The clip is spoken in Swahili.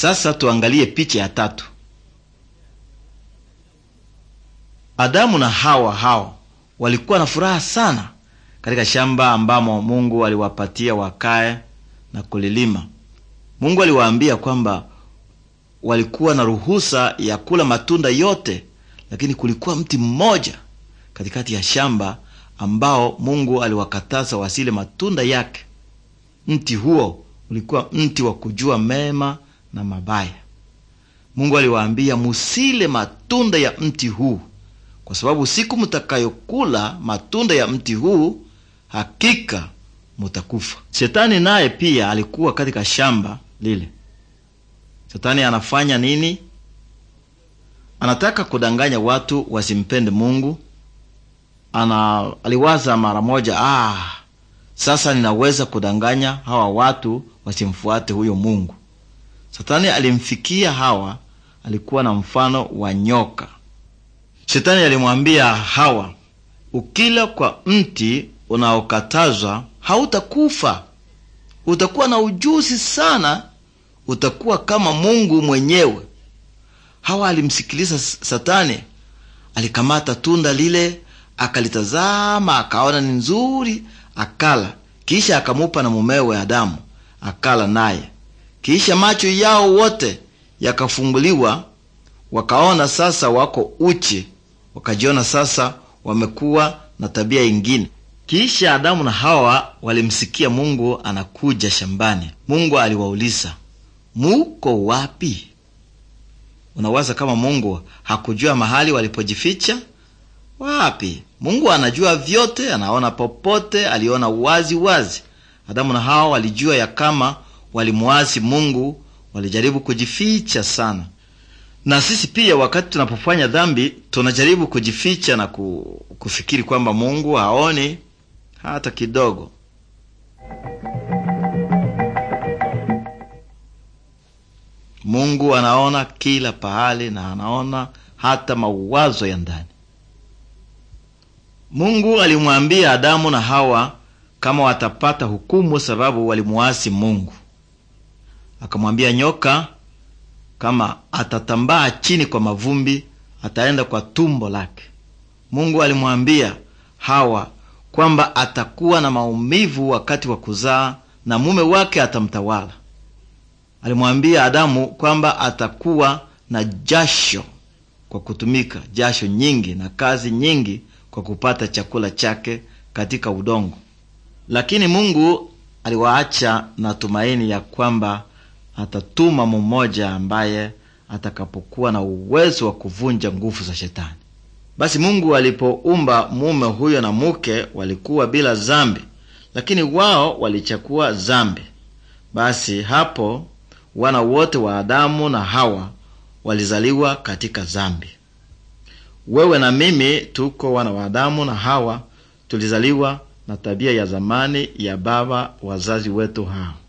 Sasa tuangalie picha ya tatu. Adamu na Hawa hao walikuwa na furaha sana katika shamba ambamo Mungu aliwapatia wakae na kulilima. Mungu aliwaambia kwamba walikuwa na ruhusa ya kula matunda yote, lakini kulikuwa mti mmoja katikati ya shamba ambao Mungu aliwakataza wasile matunda yake. Mti huo ulikuwa mti wa kujua mema na mabaya. Mungu aliwaambia, musile matunda ya mti huu, kwa sababu siku mtakayokula matunda ya mti huu hakika mutakufa. Shetani naye pia alikuwa katika shamba lile. Shetani anafanya nini? Anataka kudanganya watu wasimpende Mungu. Ana aliwaza mara moja, ah, sasa ninaweza kudanganya hawa watu wasimfuate huyo Mungu. Satani alimfikia Hawa alikuwa na mfano wa nyoka. Shetani alimwambia Hawa, ukila kwa mti unaokatazwa hautakufa. Utakuwa na ujuzi sana, utakuwa kama Mungu mwenyewe. Hawa alimsikiliza Satani, alikamata tunda lile, akalitazama, akaona ni nzuri, akala. Kisha akamupa na mumewe Adamu, akala naye. Kisha macho yao wote yakafumbuliwa, wakaona sasa wako uchi, wakajiona sasa wamekuwa na tabia ingine. Kisha Adamu na Hawa walimsikia Mungu anakuja shambani. Mungu aliwauliza, muko wapi? Unawaza kama Mungu hakujua mahali walipojificha? Wapi! Mungu anajua vyote, anaona popote, aliona wazi wazi. Adamu na Hawa walijua ya kama walimuasi Mungu, walijaribu kujificha sana. Na sisi pia wakati tunapofanya dhambi tunajaribu kujificha na kufikiri kwamba Mungu haoni hata kidogo. Mungu anaona kila pahali na anaona hata mauwazo ya ndani. Mungu alimwambia Adamu na Hawa kama watapata hukumu sababu walimuasi Mungu. Akamwambia nyoka, kama atatambaa chini kwa mavumbi, ataenda kwa tumbo lake. Mungu alimwambia Hawa kwamba atakuwa na maumivu wakati wa kuzaa na mume wake atamtawala. Alimwambia Adamu kwamba atakuwa na jasho kwa kutumika, jasho nyingi na kazi nyingi kwa kupata chakula chake katika udongo. Lakini Mungu aliwaacha na tumaini ya kwamba atatuma mmoja ambaye atakapokuwa na uwezo wa kuvunja nguvu za Shetani. Basi Mungu alipoumba mume huyo na muke walikuwa bila zambi, lakini wao walichakua zambi. Basi hapo wana wote wa Adamu na Hawa walizaliwa katika zambi. Wewe na mimi tuko wana wa Adamu na Hawa, tulizaliwa na tabia ya zamani ya baba wazazi wetu hao.